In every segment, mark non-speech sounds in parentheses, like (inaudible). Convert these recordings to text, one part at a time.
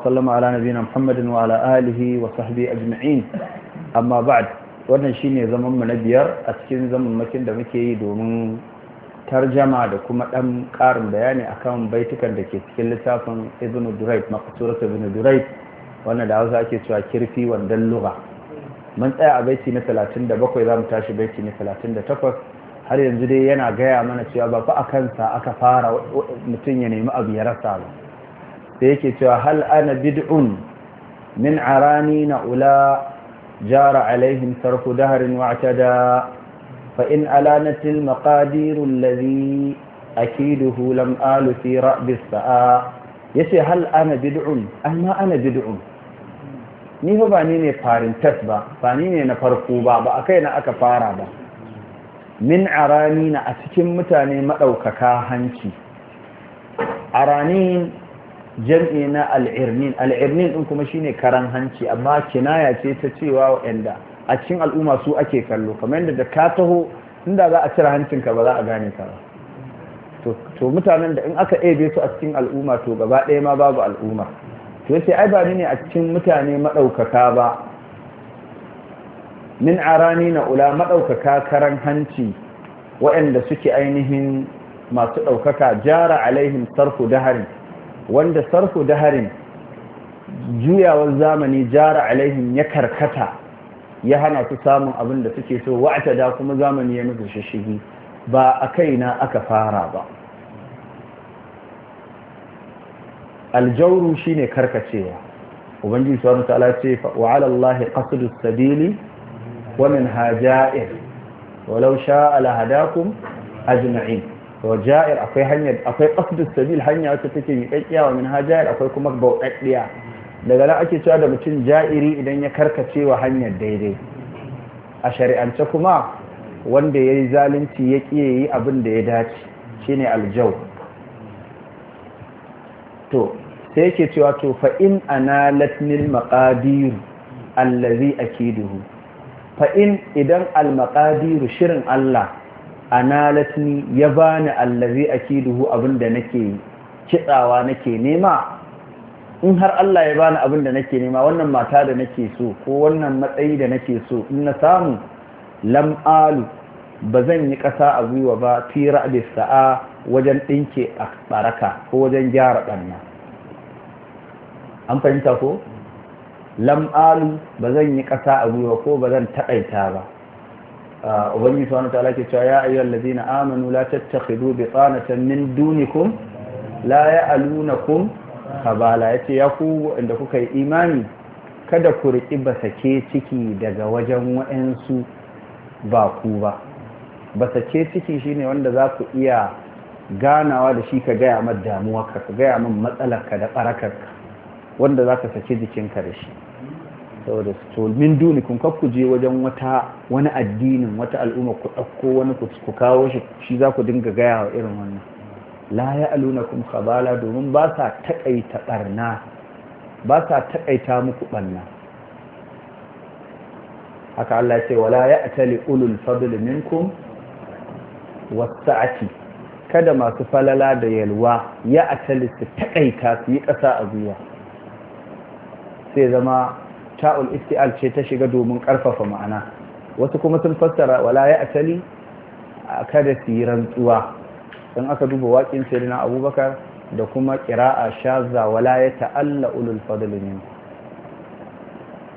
وسلم على نبينا محمد وعلى آله وصحبه أجمعين أما بعد wannan shine zaman mu na biyar a cikin zaman makin da muke yi domin tarjama da kuma ɗan karin bayani akan baitukan da ke cikin littafin Ibn Durayt maqsurat Ibn Durayt wannan da Hausa ake cewa kirfi wandan lugha mun tsaya a baiti na 37 zamu tashi baiti na 38 har yanzu dai yana gaya mana cewa ba fa a kansa aka fara mutum ya nemi abu ya rasa ba sai yake cewa hal ana bid'un min arani na ula jara alaihim sarfu daharin wa'tada fa in alanatil maqadirul ladhi akiduhu lam alu fi ra'bis sa'a yace hal ana bid'un amma ana bid'un ni ba ni ne farin ba ba ni ne na farko ba ba kai na aka fara ba min arani na a cikin mutane maɗaukaka hanci arani jam'i na al'irnin al'irnin din kuma shine karan hanci amma kinaya ce ta cewa wa'anda a cikin al'umma su ake kallo kamar yadda da ka taho inda za a cire hancinka ba za a gane ka ba to mutanen da in aka ebe su a cikin al'umma to gaba ɗaya ma babu al'umma to yace ai ba ni ne a cikin mutane maɗaukaka ba min arani na ula maɗaukaka karan hanci waɗanda suke ainihin masu ɗaukaka jara alaihim sarfu dahari wanda sarfu daharin juyawar zamani jara alaihin ya karkata ya hana su samun abin da suke so wa'ata da kuma zamani ya musu shishigi ba a kaina aka fara ba aljauru shine karkacewa ubangiji subhanahu ta'ala ce wa 'ala allahi sabili wa min haja'ir walau sha'a lahadakum ajma'in wa ja'ir akwai hanyar akwai qasdus sabil hanya wacce take miƙaƙiya wa minha ja'ir akwai kuma bauɗaɗɗiya daga nan ake cewa da mutum ja'iri idan ya karkace wa hanyar daidai a shari'ance kuma wanda yayi zalunci ya ƙiye yi abin da ya dace shine aljau to sai yake cewa to fa in analat min maqadir allazi akiduhu fa in idan al maqadir shirin Allah analatni ya bani allazi akiduhu abinda nake kitsawa nake nema in har Allah ya bani abinda nake nema wannan mata da nake so ko wannan matsayi da nake so in na samu lam'alu. alu ba yi ƙasa a gwiwa ba fi ra'adis sa'a wajen ɗinke a baraka ko wajen gyara danna an fahimta ko lam alu ba yi ƙasa a gwiwa ko bazan zan taƙaita ba ubangi subhanahu ta'ala ke cewa ya ayyuhal ladina amanu la tattakhidu bitanatan min dunikum la ya'alunakum khabala yace ya ku inda kuka yi imani kada ku riki basake ciki daga wajen wayansu ba ku ba basake ciki shine wanda za ku iya ganawa da shi ka gaya min damuwa ka gaya min ka da ka wanda za ka jikin jikinka da shi saboda to min duni kun ku je wajen wata wani addinin wata al'umma ku ɗauko wani ku kawo shi shi za ku dinga gaya wa irin wannan la ya aluna kun khabala domin ba sa taƙaita ɓarna ba sa taƙaita muku ɓarna haka Allah ya ce wala ya atali ulul fadl minkum wasa'ati kada masu falala da yalwa ya atali su taƙaita su yi ƙasa a zuwa. sai zama ta'ul isti'al ce ta shiga domin karfafa ma'ana wasu kuma sun fassara wala ya asali kada su yi rantsuwa don aka duba waƙin sirina abubakar da kuma ƙira'a shaza wala ya ta'alla ulul fadlin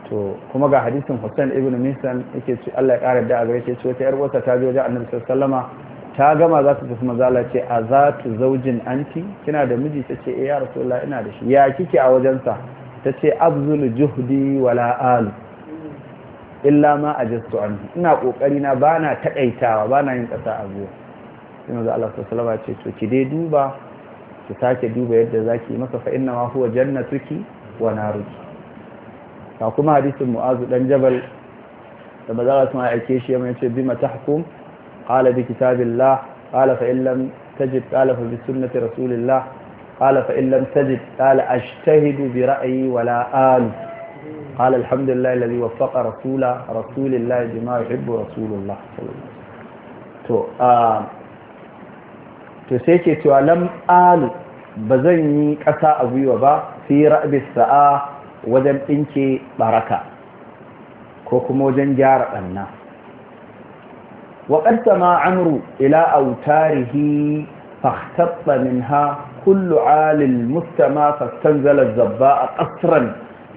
to kuma ga hadisin Hussein ibn Misan yake ce Allah ya ƙara da a gaishe shi wata yar wata ta biyo wajen Annabi sallama ta gama za ta tafi mazala ce a za tu zaujin anti kina da miji ta ce eh ya rasulullah ina da shi ya kike a wajensa ta ce abzul juhdi wala alu illa ma a jastu an ina kokari na ba na taƙaitawa ba na yin ƙasa a zuwa sai maza Allah sallama ce to ki dai duba ki sake duba yadda za ki masa fa inna ma huwa tuki wa ruki?" Ta kuma hadisin mu'azu dan jabal da maza Allah sallama aike shi ya ce bima tahkum qala bi kitabillah qala fa in tajid qala fa bi sunnati rasulillah قال فإن لم تجد قال أجتهد برأيي ولا آل قال الحمد لله الذي وفق رسول رسول الله بما يحب رسول الله صلى الله عليه وسلم تو sai ke cewa lam alu ba zan yi ƙasa a gwiwa ba fi ra'abi sa'a wajen ɗinke baraka ko kuma wajen gyara ɗanna wa ma amru ila autarihi fahtabba minha kullu alil mustama fastanzala zabba a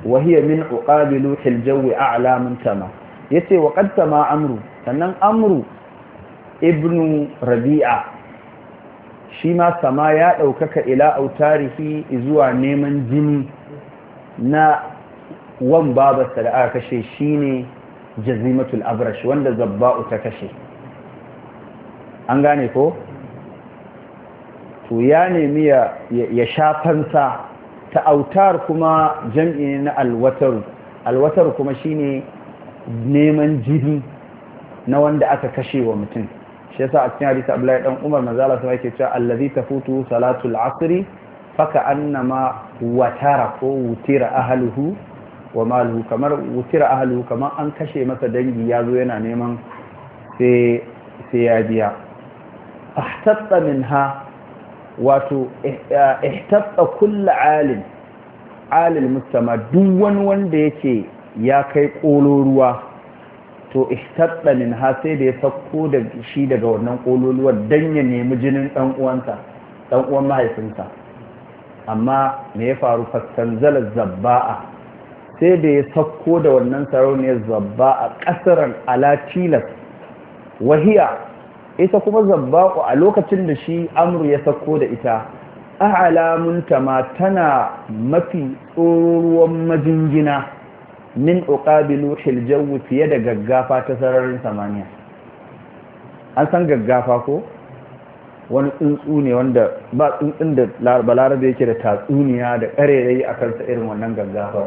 wa hiya min uqabi luhil jawi a'la min tama yace wa qad tama amru sannan amru ibnu rabi'a shi ma sama ya ɗaukaka ila autarihi zuwa neman jini na wan babarsa da aka kashe shine jazimatul abrash wanda zabba'u ta kashe an gane ko to ya nemi ya shafansa ta autar kuma jam'i na alwatar alwatar kuma shine neman jini na wanda aka kashe wa mutum shi yasa a cikin hadisi Abdullahi dan Umar manzala sai yake cewa allazi tafutu salatul asri faka annama watara ko wutira ahluhu wa maluhu kamar wutira ahluhu kamar an kashe masa dangi yazo yana neman sai sai ya biya ahtatta minha wato eh, ihtabta kullu alim alil mustama duk wani wanda yake ya kai ƙololuwa to ihtabta min ha sai da ya sako da shi daga wannan ƙololuwar dan ya nemi jinin dan uwansa dan uwan mahaifinsa amma me ya faru fastanzala zabba'a sai da ya sako da wannan sarauniyar zabba'a kasaran ala tilas wahiya ita kuma zabba'u a lokacin da shi amru ya sako da ita a'lamunta ma tana mafi tsoruwan majingina min uqabilu hiljau fiye da gaggafa ta sararin samaniya an san gaggafa ko wani tsuntsu ne wanda ba tsuntsun da balarabe yake da tatsuniya da karerai a kansa irin wannan gaggafa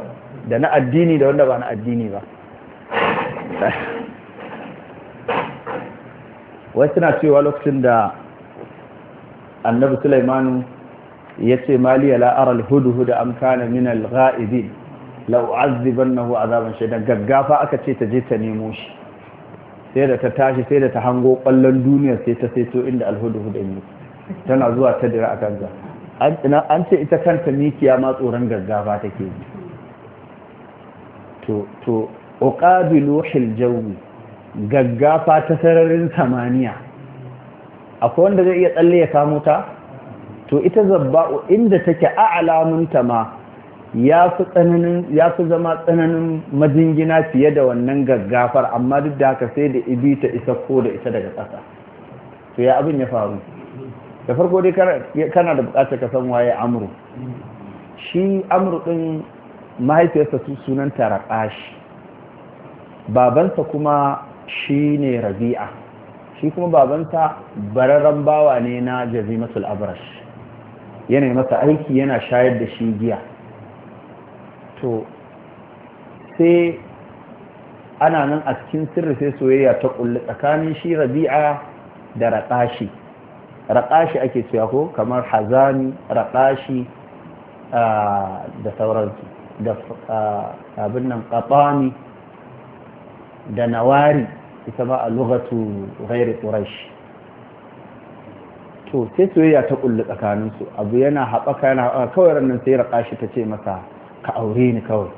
da na addini da wanda ba na addini ba wai suna cewa lokacin da annabi sulaimanu ya ce maliya la'arar hudu-hudu an kana min al la'u'azziban na azaban shaidan gaggafa aka ce ta je ta nemo shi sai da ta tashi sai da ta hango kwallon duniya sai ta saito inda alhudu-hudu ne tana zuwa ta dira a kanza an ce ita kanta mikiya ma tsoron gaggafa take yi to to uqabilu Jawi. gaggafa ta sararin samaniya akwai wanda zai iya tsalle ya kamo ta to ita zabba'u inda take a alamunta ma ya fi zama tsananin majingina fiye da wannan gaggafar amma duk da haka sai da ibi ta isa ko da ita daga ƙasa to ya abin ya faru da farko dai kana da bukatar ka san waye amuru shi amuru din mahaifiyarsa sunanta raƙashi babansa kuma Shi ne rabi'a shi kuma babanta bararren bawa ne na jazimatul abrash yana masa aiki yana shayar da shi giya to sai ana nan a cikin sirri sai soyayya ta kulle tsakanin shi rabi'a da raƙashi raƙashi ake cewa ko kamar hazani raƙashi ah, da sauransu da ah, abin nan ƙaɓani da nawari ita ma a lugatu ghairu quraish to sai soyayya ta kullu tsakanin su abu yana haɓaka yana kawai rannan sai raka shi ta ce masa ka aure ni kawai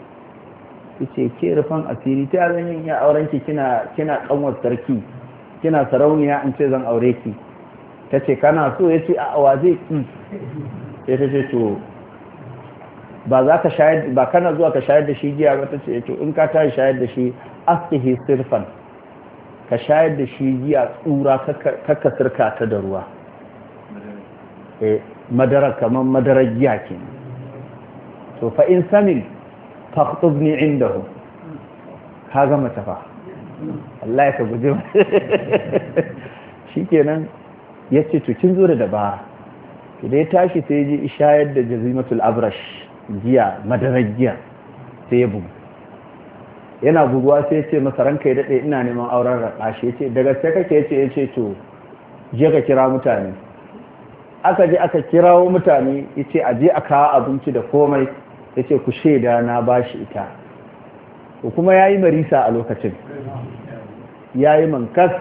yace ke rufan asiri ta zan yin ya auren ki kina kina kanwar sarki kina sarauniya in ce zan aure ki tace kana so yace a wa zai ki mm. sai ta ce to ba za ka shayar ba kana zuwa ka shayar da shi giya ba tace to in ka tashi shayar da shi asihi sirfan ka shayar da shi giya tsura kakka sirka ta da ruwa eh, madara kamar madarar giya ke to fa in samin faktubni inda hu ka gama tafa Allah ya ka guji (laughs) shi kenan ya ce tukin zuwa da ba da ya tashi sai ya ji shayar da jazimatul abrash giya madarar giya sai ya bugu yana buguwa sai ce masa ranka ya daɗe ina neman auren raɗa shi ce daga sai kake ce ya ce to je ka kira mutane aka je aka kirawo mutane ya ce a je a kawo abinci da komai ya ce ku shaida na ba shi ita kuma ya yi marisa a lokacin ya yi mankas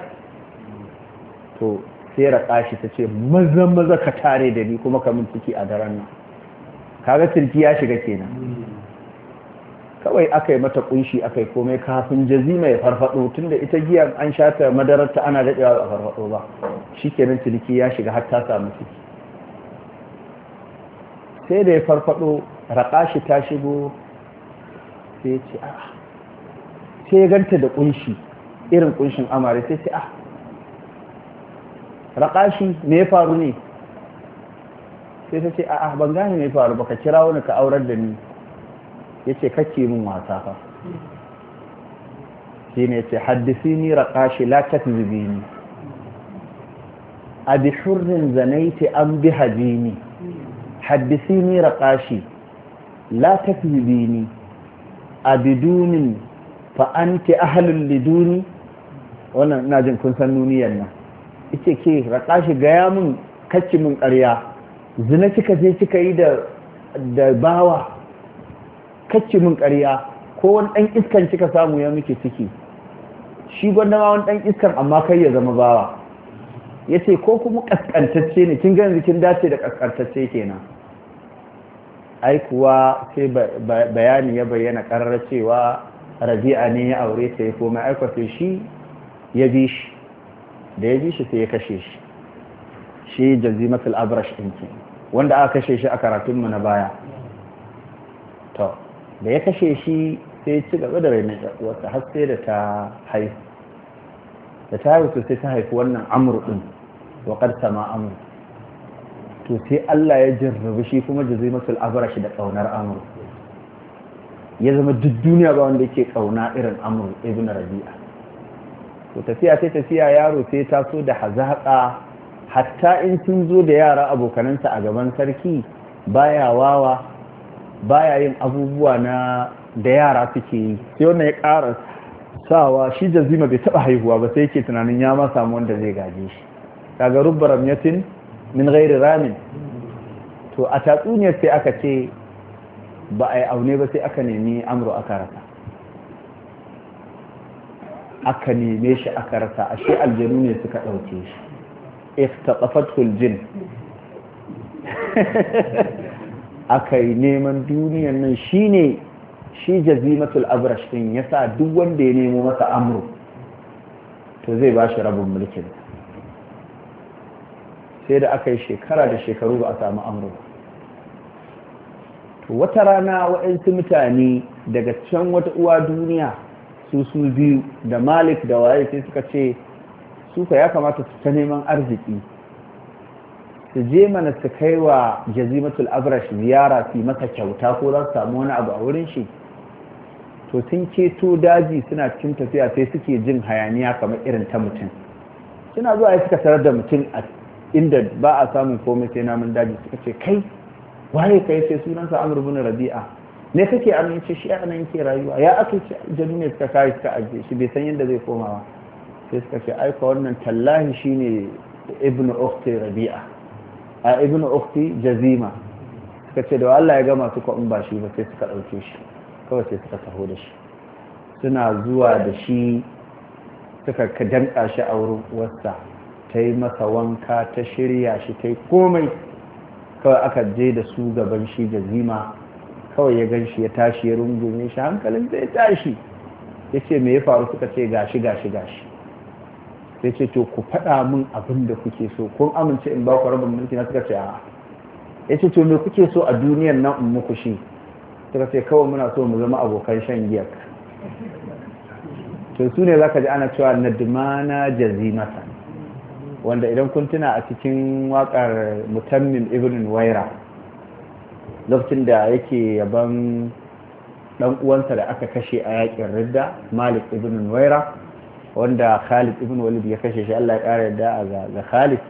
to sai raɗa shi ta ce maza maza ka tare da ni kuma ka min ciki a daren nan kaga sirki ya shiga kenan kawai aka yi mata kunshi aka yi komai kafin jazima ya farfado tunda ita giyan an ta madararta ana daɗewa a farfado ba shi nan ciniki ya shiga har ta samu ciki sai da ya farfado raƙa ta shigo sai ce a ah. sai ya ganta da kunshi irin kunshin amare sai ce a ah. raƙa me ya faru ne sai ta ce a ban gane me ya faru ba ka kira wani ka aurar da ni yace kake min wasa fa shi shine yace haddisini raqashi la bi abi hurrin ce an bi hajini haddisini raqashi la bi dunin fa anti ahalin liduni wannan ina jin kun san nuniyar nan ita ke rakashi gaya mun kacci min ƙarya zina kika je kika yi da bawa kacce mun ƙarya ko wani ɗan iskan kika samu ya muke ciki shi gwanda ma wani ɗan iskan amma kai ya zama bawa ya ce ko kuma ƙasƙantacce ne kin gani kin dace da ƙasƙantacce kenan ai kuwa sai bayani ya bayyana ƙarar cewa rabi'a ne ya aure ta ya koma aikwato shi ya bi shi da ya bi shi sai ya kashe shi shi jazimatul abrash ɗinki wanda aka kashe shi a karatunmu na baya da ya kashe shi sai ci gaba da rainar wata har sai da ta haihu da ta haihu sai ta haifi wannan amur din wa karta ma amur to sai Allah ya jarrabu shi kuma zai masu al'abara shi da ƙaunar amur ya zama duk duniya ba wanda yake ƙauna irin amur ibn rabi'a to tafiya sai tafiya yaro sai ta so da hazaƙa hatta in sun zo da yara abokanansa a gaban sarki baya wawa baya yin abubuwa na da yara suke yi sai wannan ya ƙara sawa shi jazima bai taɓa haihuwa ba sai yake tunanin ya ma samu wanda zai gaje shi kaga rubba amyatin min ghairi ramin to a tatsuniyar sai aka ce ba a yi aune ba sai aka nemi amro aka rasa aka neme shi aka rasa ashe aljanu ne suka ɗauke shi iftaqafatul jin (laughs) aka yi neman duniyan nan shine shi jazimatul abrash din sa duk wanda ya nemo masa amru to zai ba shi rabin mulkin sai da aka yi shekara da shekaru ba a samu amru to wata rana waɗansu mutane daga can wata uwa duniya su su biyu da malik da waye sai suka ce suka ya kamata su ta neman arziki su je mana su kai wa jazimatul abrash ziyara su masa kyauta ko za su samu wani abu a wurin shi to sun keto daji suna cikin tafiya sai suke jin hayaniya kamar irin ta mutum suna zuwa suka tarar da mutum a inda ba a samun komai sai namun daji suka ce kai waye kai sai sunansa amr rabi'a ne kake amince shi a nan ke rayuwa ya aka ce jami ne suka kai suka aje shi bai san yadda zai koma ba sai suka ce aika wannan tallahi shine ibn ukhti rabi'a a ibn ukti jazima suka ce da Allah ya gama ko in ba shi ba sai suka ɗauke shi kawai sai suka taho da shi suna zuwa da shi suka danka shi a wurin wasa ta yi masa wanka ta shirya shi ta komai kawai aka je da su gaban shi jazima kawai ya gan ya tashi ya rungume shi hankalin zai tashi yace ce me ya faru suka ce gashi gashi gashi sai ce to ku faɗa min abin da kuke so kun amince in ba ku rabin mulki na suka ce a ya ce to me kuke so a duniyar nan in muku shi suka ce kawai muna so mu zama abokan shan giya to su ne za ka ji ana cewa nadmana jazimata wanda idan kun tuna a cikin waƙar mutammin ibn waira lokacin da yake yaban dan uwansa da aka kashe a yakin ridda malik ibn waira wanda Khalid ibn Walid ya kashe shi Allah ya ƙara yadda ga Khalid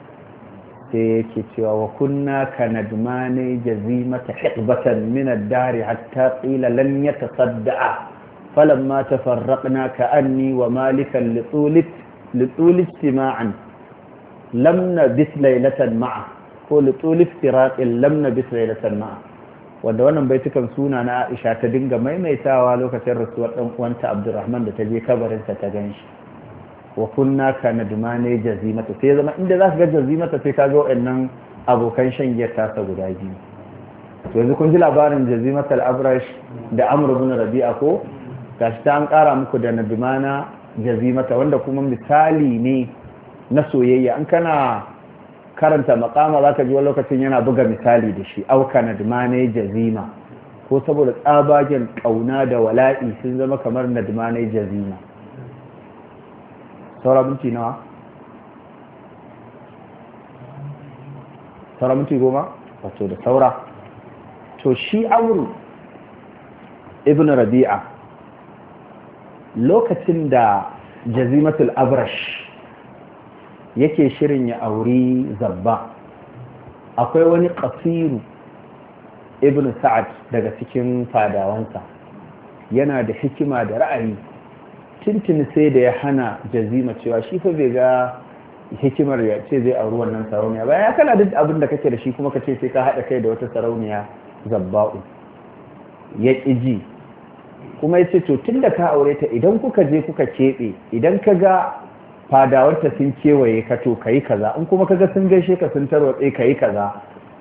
sai yake cewa wa kunna kanadmani jazimata hiqbatan min ad-dar hatta qila lan yatasadda falamma tafarraqna ka'anni wa malikan litulit litulit istima'an lam nabis laylatan ma'a ko litulit firaqin lam nabis laylatan ma'a wanda wannan baitukan suna na Aisha ta dinga maimaitawa lokacin rasuwar dan uwanta abdulrahman da ta je kabarinta ta ganshi wa kunna ka nadmane jazimata sai zama inda za su ga jazimata sai ka ga waɗannan abokan shan giyar tasa guda biyu yanzu kun ji labarin jazimata al'abrash abrash da amr rabi'a ko shi ta an kara muku da nadmana jazimata wanda kuma misali ne na soyayya an kana karanta makama za ka ji wani lokacin yana buga misali da shi auka nadmane jazima ko saboda tsabagen ƙauna da wala'i sun zama kamar nadmane jazima saura minti nawa saura minti goma wato da saura to shi auru ibn rabi'a lokacin da jazimatul abrash yake shirin ya auri zabba akwai wani kasiru ibn sa'ad daga cikin fadawansa yana da hikima da ra'ayi tintin sai da ya hana jazima cewa shi fa bai ga hikimar ya ce zai auri wannan sarauniya ba. ya kana duk abin da kake da shi kuma kace sai ka haɗa kai da wata sarauniya zabba'u ya ƙi ji kuma ya ce to tun da ka aure ta idan kuka je kuka keɓe idan ka ga fadawarta sun kewaye ka to ka yi kaza in kuma ka ga sun gaishe ka sun tarwatse ka yi kaza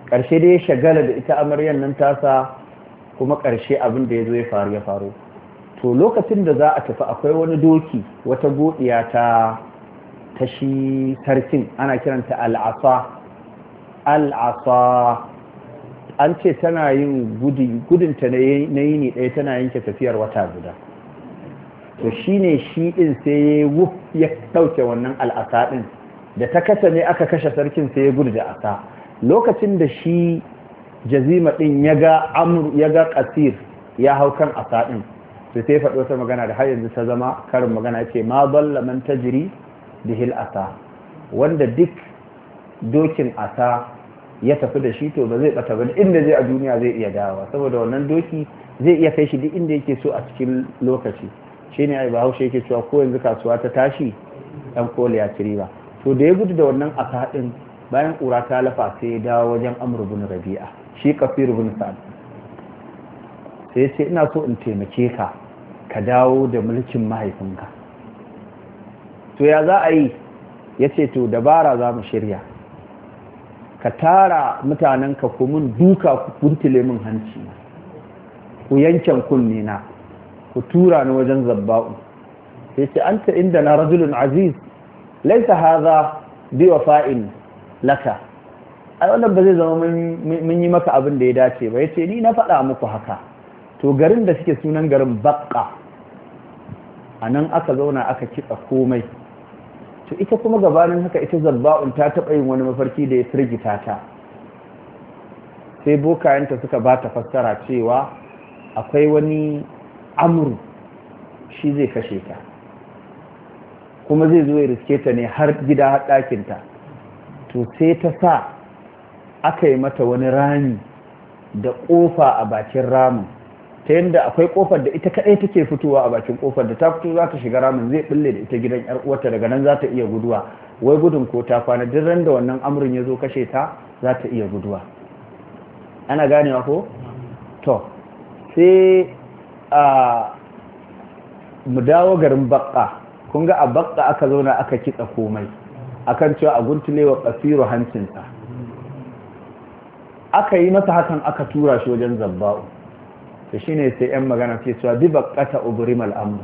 ƙarshe dai ya shagala da ita amaryan nan tasa kuma ƙarshe abin da ya zo ya faru ya faru to lokacin da za a tafi akwai wani doki wata godiya ta ta shi sarkin ana kiranta al'asa al'asa an ce tana yin gudunta na yini ɗaya tana yanke tafiyar wata guda to shi ne shi ɗin sai ya ɗauke wannan al'asa ɗin da ta kasa ne aka kashe sarkin sai ya gudu da asa lokacin da shi jazima ɗin ya ga amur ya ga ƙasir ya hau kan asa ɗin to sai faɗo ta magana da har yanzu ta zama karin magana ce ma balla man tajri hil asa wanda duk dokin asa ya tafi da shi to ba zai bata ba inda zai a duniya zai iya dawa saboda wannan doki zai iya kai shi duk inda yake so a cikin lokaci ne ai bahaushe yake cewa ko yanzu kasuwa ta tashi dan koli ya ci ba. to da ya gudu da wannan asa din bayan ƙura ta lafa sai ya dawo wajen amr rabi'a shi kafir bin sa'ad sai sai ina so in taimake ka ka dawo da mulkin mahaifinka to ya za a yi ya ce to dabara za mu shirya ka tara mutanenka ku mun duka ku min hanci ku yanken kunne na ku tura ni wajen zabba'u sai ce anta inda na rajulun aziz laisa haza bi wafa'in laka ai wannan ba zai zama mun yi maka abin da ya dace ba yace ni na faɗa muku haka to garin da suke sunan garin baƙa a nan aka zauna aka kitsa komai to ita kuma gabanin haka ita zabba'un ta taɓa yin wani mafarki da ya firgita ta sai bokayenta suka ba ta fassara cewa akwai wani amur shi zai kashe ta kuma zai zo ya riske ta ne har gida har ɗakinta to sai ta sa aka yi mata wani rami da ƙofa a bakin ramin ta yadda akwai kofar da ita kadai take fitowa a bakin kofar da ta fito za ta shiga ramin zai bulle da ita gidan yar uwarta daga nan za ta iya guduwa wai gudun ko ta kwana duk ran da wannan amrin ya zo kashe ta za ta iya guduwa ana ganewa ko to sai a mu dawo garin bakka kun ga a bakka aka zauna aka kitsa komai akan cewa a guntulewa kasiru hancinsa aka yi masa hakan aka tura shi wajen zabba'u to ne sai yan magana ke cewa bi baqata ubrimal amr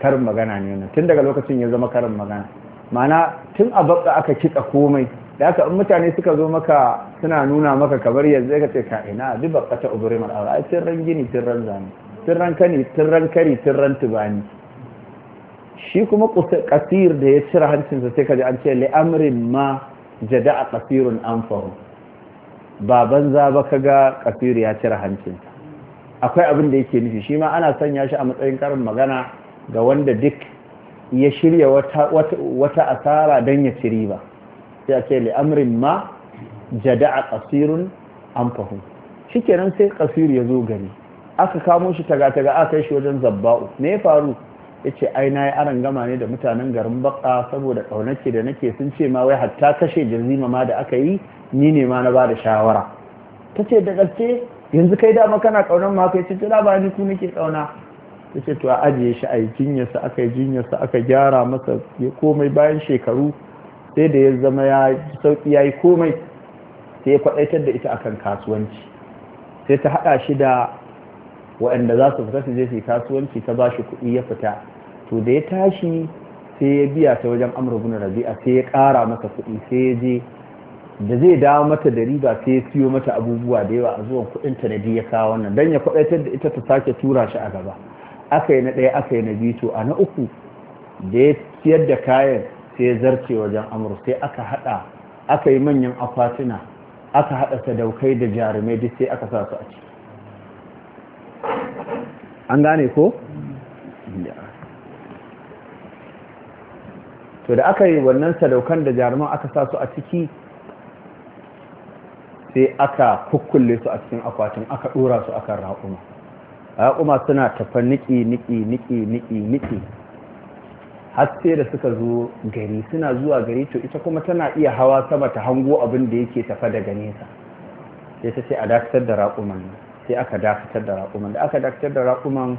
karin magana ne wannan tun daga lokacin ya zama karin magana ma'ana tun a baka aka kitsa komai da haka in mutane suka zo maka suna nuna maka kamar yanzu ka ce ka ina bi baqata ubrimal amr ai tun ran gini tun ran zani tun ran kani tun ran kari tun ran tubani shi kuma kasir da ya cire hancinsa sai ka ji an ce li'amrin ma jada'a kasirun anfahu ba banza ba ga kafiru ya cire hancin akwai abin da yake nufi shi ma ana sanya shi a matsayin karin magana ga wanda duk ya shirya wata asara don ya ci riba sai a ce li'amrin ma jada'a kasirun an shi shikenan sai kafiru ya zo gari aka kamo shi taga-taga aka yi shi wajen zabba'u me ya faru ya ce ai na yi aron gama ne da mutanen garin baka saboda ƙaunace da nake sun ce ma wai hatta kashe jirzima ma da aka yi ni ne ma na ba da shawara ta ce da gaske yanzu kai dama kana ƙaunar ma kai ce tuna ba ni ku nake ƙauna ta ce to a ajiye shi a yi jinyarsa aka yi jinyarsa aka gyara masa ya komai bayan shekaru sai da ya zama ya sauƙi ya yi komai sai ya kwaɗaitar da ita akan kasuwanci sai ta haɗa shi da waɗanda za su fita su je su yi kasuwanci ta ba shi kuɗi ya fita to da ya tashi sai ya biya ta wajen amur bin rabi'a sai ya kara masa kuɗi sai ya je da zai dawo mata da riba sai ya siyo mata abubuwa da yawa a zuwan kuɗin ta da ya kawo wannan don ya kwaɗaitar da ita ta sake tura shi a gaba aka yi na ɗaya aka yi na biyu to a na uku da ya siyar da kayan sai ya zarce wajen amur sai aka haɗa aka yi manyan akwatuna aka haɗa sadaukai da jarumai duk sai aka sa su a ciki an gane ko? Mm. to da aka yi wannan sadaukan da jaruman aka sa su a ciki sai aka kukkule su a cikin akwatin aka dora su akan raƙuma raƙuma suna tafa niki niki niki niki niki har sai da suka zo gari suna zuwa gari to ita kuma tana iya hawa sama ta hango abin da yake tafa daga nesa sai ta ce a dakatar da raƙuman sai aka dakatar da raƙuman da aka dakatar da raƙuman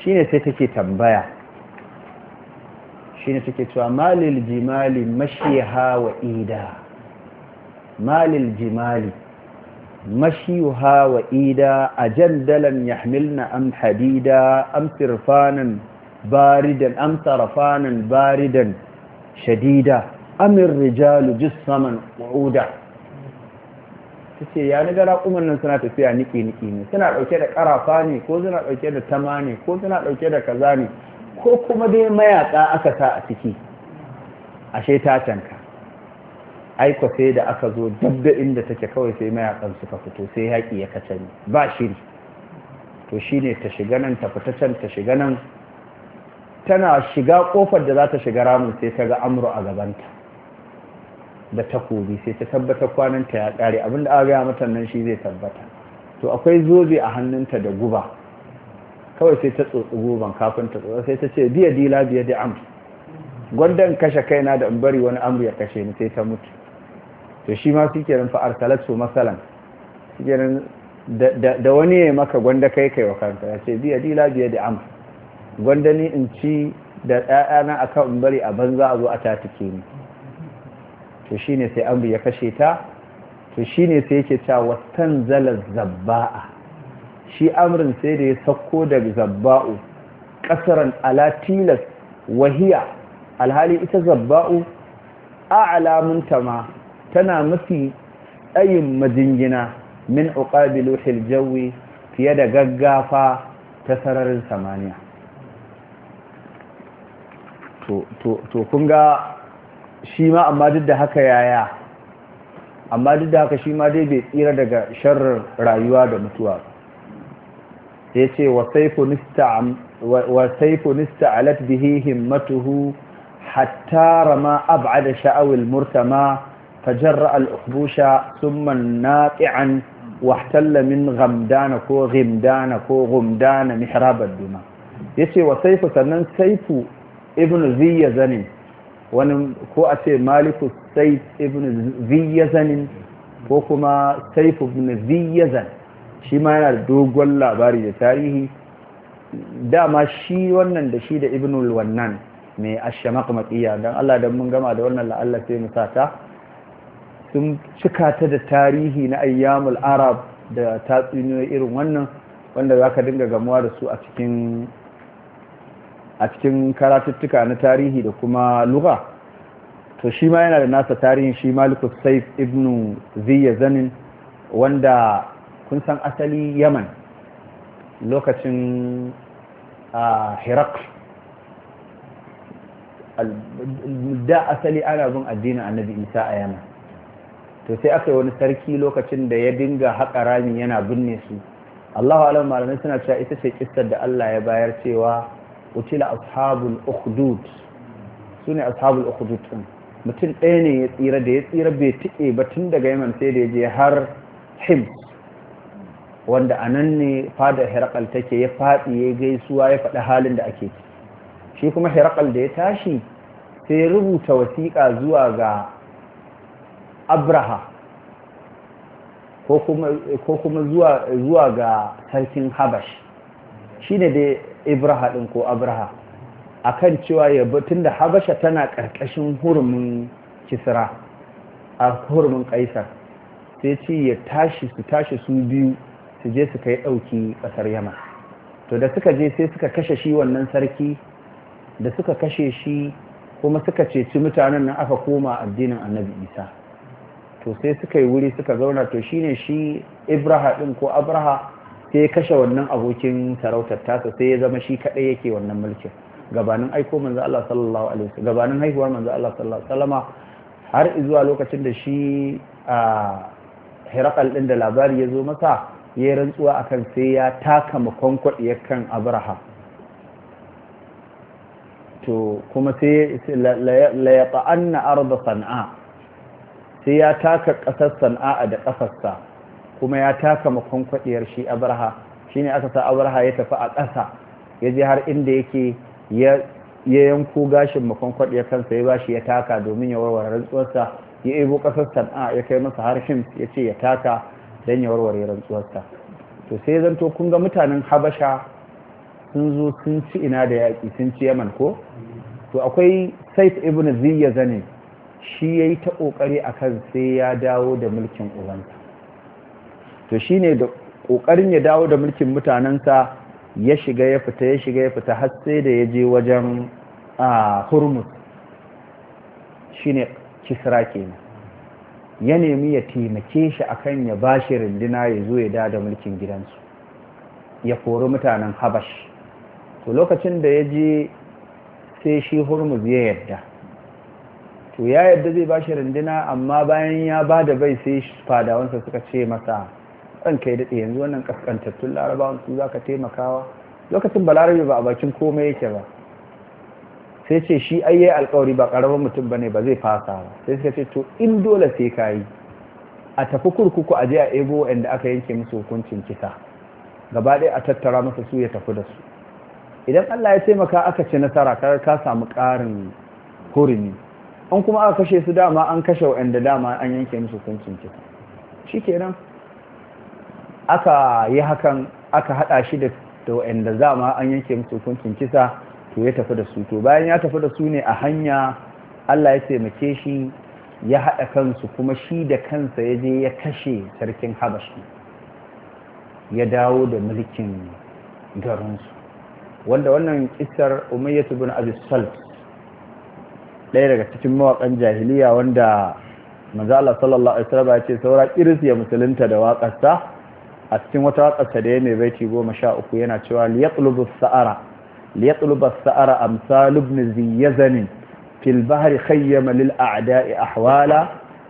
shine sai take tambaya shine suke cewa malil jimali mashiha wa ida malil jimali mashiha wa ida ajandalan yahmilna am hadida am sirfanan baridan am sarfanan baridan shadida am rijalu jissaman qu'uda tace ya ni gara kuman suna tafiya niki niki ne suna dauke da karafa ne ko suna dauke da tama ne ko suna dauke da kaza ne ko kuma dai mayaka aka sa a ciki ashe ta canka aiko sai da aka zo duk da inda take kawai sai mayakan suka fito sai yaƙi ya kace ba shiri to shine ta shiga nan ta fita can ta shiga nan tana shiga kofar da za ta shiga ramin sai ta ga amru a gabanta da takobi sai ta tabbata kwananta ya ƙare abinda aka gaya mata nan shi zai tabbata to akwai zobe a hannunta da guba kawai sai ta tsotsi goban kafin ta tsotsi sai ta ce biya dila biya da amsu gwandan kashe kaina da in bari wani amri ya kashe ni sai ta mutu to shi ma suke nan fa'ar talatu masalan suke nan da wani ya maka gwanda kai kai wa kanta ya ce biya dila biya da amsu gwanda ni in ci da ɗaya'yana a kan in bari a banza a zo a ta tuke ni to shi ne sai amri ya kashe ta to shi ne sai yake ta watan zalar zabba'a shi amrin sai da ya sauko daga zabba'u kasaran ala tilas wahiya alhali ita zabba'u alamunta ma tana mafi tsayin majingina min uqabi luhil jawi fiye da gaggafa ta sararin samaniya to kun ga shi ma amma duk da haka yaya amma duk da haka shi ma dai bai tsira daga sharrin rayuwa da mutuwa ba ya ce wa saifu nista'alat bihi himmatuhu hatta rama ab'ada sha'awil murtama fajarra al-ukhbusha thumma naqi'an واحتل من ko كو ko كو غمدان محراب الدماء yace wa saifu sannan saifu ibn ziyazanin wani ko a ce maliku saif ibn zanin ko kuma saifu ibn ziyazan shi ma yana da dogon labari da tarihi dama shi wannan da shi da ibnul wannan mai ashamaq maƙiya don Allah dan mun gama da wannan la'allar sai mu sata sun cika ta da tarihi na ayyamul arab da tatsuniyoyi irin wannan wanda za ka dinga gamuwa da su a cikin karatuttuka na tarihi da kuma lugha to shi ma yana da nasa tarihin shi malikus saif ibnu Zanin, wanda kun san asali yaman lokacin hirak da asali ana zun addinin annabi isa a yaman to sai aka yi wani sarki lokacin da ya dinga haƙa rami yana binne su allahu alam malamai suna cewa ita ce kistar da allah ya bayar cewa utila ashabul ukhdud su ne ashabul ukhdud din mutum ɗaya ne ya tsira da ya tsira bai tike ba tun daga yaman sai da ya je har hims wanda a nan ne fadar herakal take ya faɗi ya gaisuwa ya faɗi halin da ake ci shi kuma herakal da ya tashi sai ya rubuta wasiƙa zuwa ga abraha ko kuma zuwa ga sarkin habash shi ne dai ibraha ɗin ko abraha A kan cewa ya tun da habasha tana ƙarƙashin hurumin kisra a hurumin ƙaisar sai ce ya tashi su tashi su biyu su je su kai ɗauki ƙasar yaman to da suka je sai suka kashe shi wannan sarki da suka kashe shi kuma suka ceci mutanen nan aka koma addinin annabi isa to sai suka yi wuri suka zauna to shine shi ibraha ɗin ko abraha sai ya kashe wannan abokin sarautar tasa sai ya zama shi kaɗai yake wannan mulkin gabanin aiko manzo Allah sallallahu alaihi wasallam gabanin haihuwar manzo Allah sallallahu alaihi wasallama har zuwa lokacin da shi a ah, hirakal din da labari ya zo masa ya rantsuwa akan sai ya taka makwankwaɗiyar kan abraha to kuma sai la ya ta'anna arda sana'a sai ya taka ƙasar sana'a da ƙasarsa kuma ya taka makwankwaɗiyar shi abraha shine aka sa abraha ya tafi a ƙasa ya je har inda yake ya yanko gashin makwankwaɗiyar kansa ya bashi ya taka domin ya warware rantsuwarsa ya ibo ƙasar sana'a ya kai masa har ya ce ya taka don ya warware rantsuwarsa to sai zan to kun ga mutanen habasha sun zo sun ci ina da yaƙi sun ci yaman ko to akwai saif ibn ziyya zane shi ya yi ta ƙoƙari akan sai ya dawo da mulkin ubanta to shi ne da ƙoƙarin ya dawo da mulkin mutanensa ya shiga ya fita ya shiga ya fita har sai da ya je wajen ah, hurmus shi ne kisra kenan ya nemi ya taimake shi akan ya ba shi rindina ya zo ya da da mulkin gidansu ya kori mutanen habash to lokacin da ya je sai shi hurmuz ya yarda to ya yarda zai ba shi rindina amma bayan ya ba da bai sai fadawansa suka ce masa ranka kai daɗe yanzu wannan ƙasƙantattun larabawan su za ka taimakawa lokacin balarabe ba a bakin komai yake ba sai ce shi ai yayi alƙawari ba ƙaramin mutum bane ba zai fasa ba sai suka ce to in dole sai ka a tafi kurkuku a je a ego wanda aka yanke musu hukuncin kisa gaba ɗaya a tattara masa su ya tafi da su idan Allah ya taimaka aka ci nasara kar ka samu ƙarin hurumi an kuma aka kashe su dama an kashe wa'anda dama an yanke musu hukuncin kisa shi kenan aka yi hakan aka haɗa shi da wa'anda dama an yanke musu hukuncin kisa to ya tafi da su to bayan ya tafi da su ne a hanya Allah ya taimake shi ya haɗa kansu kuma shi da kansa ya je ya kashe sarkin habashi ya dawo da mulkin garinsu wanda wannan kisar umayyatu bin Abisal, ɗaya daga cikin mawaƙan jahiliya wanda manzo Allah sallallahu alaihi wasallam ya ce saura kiris ya musulunta da waƙarsa a cikin wata waƙarsa da ya mai baiti goma sha uku yana cewa liyaqlubu sa'ara ليطلب الثأر أمثال ابن ذي يزن في البحر خيم للأعداء أحوالا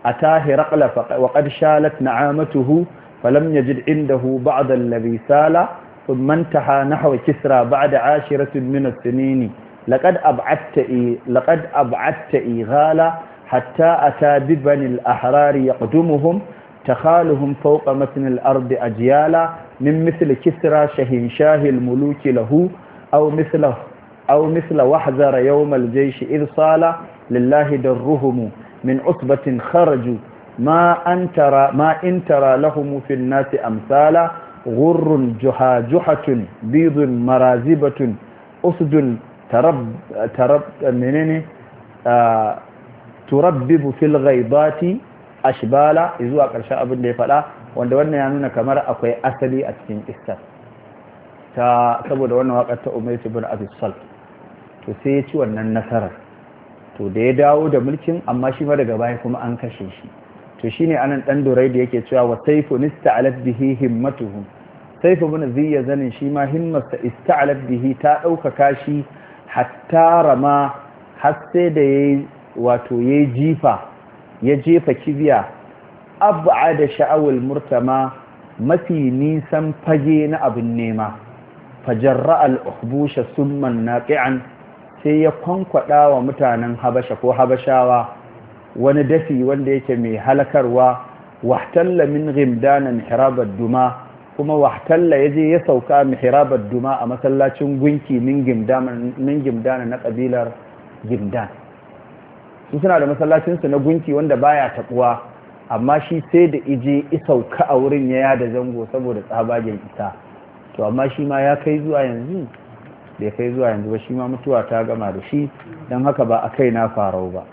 أتاه هرقل وقد شالت نعامته فلم يجد عنده بعض الذي سال ثم انتهى نحو كسرى بعد عاشرة من السنين لقد أبعدت إيه لقد أبعدت إيغالا حتى أتى ببني الأحرار يقدمهم تخالهم فوق مثل الأرض أجيالا من مثل كسرى شهنشاه الملوك له aw misla aw misla wahzara yawm al-jaysh id sala lillahi darruhum min usbatin kharaju ma antara ma intara lahum fi an-nasi amsala غر جحاجحة بيض مرازبة أسد ترب ترب منين turabbibu fil ghaibati ashbala zuwa ƙarshen abin da ya faɗa wanda wannan ya nuna kamar akwai asali a cikin iskar ta saboda wannan waƙar ta umarci bin abisal to sai ya ci wannan nasarar to da ya dawo da mulkin amma shi ma daga baya kuma an kashe shi to shine anan dan dorai da yake cewa wa saifu nista'alat bihi himmatuhum saifu bin ziyya zanin shi ma himmarsa ista'alat bihi ta ɗaukaka shi hatta rama har sai da yayi wato yayi jifa ya jefa kibiya da sha'awul murtama mafi nisan fage na abin nema fajarra al'ubusha summan naqi'an sai ya kwankwaɗa wa mutanen habasha ko habashawa wani dafi wanda yake mai halakarwa wahtalla min gimdana mihrabad duma kuma wahtalla ya je ya sauka mihrabad duma a masallacin gunki min gimdana na kabilar gimdan su suna da masallacinsu na gunki wanda baya taɓuwa amma shi sai da ije isauka a wurin ya yada zango saboda tsabagen isa to amma shi ma ya kai zuwa yanzu ya kai zuwa yanzu ba shi ma mutuwa ta gama da shi don haka ba a kai na farau ba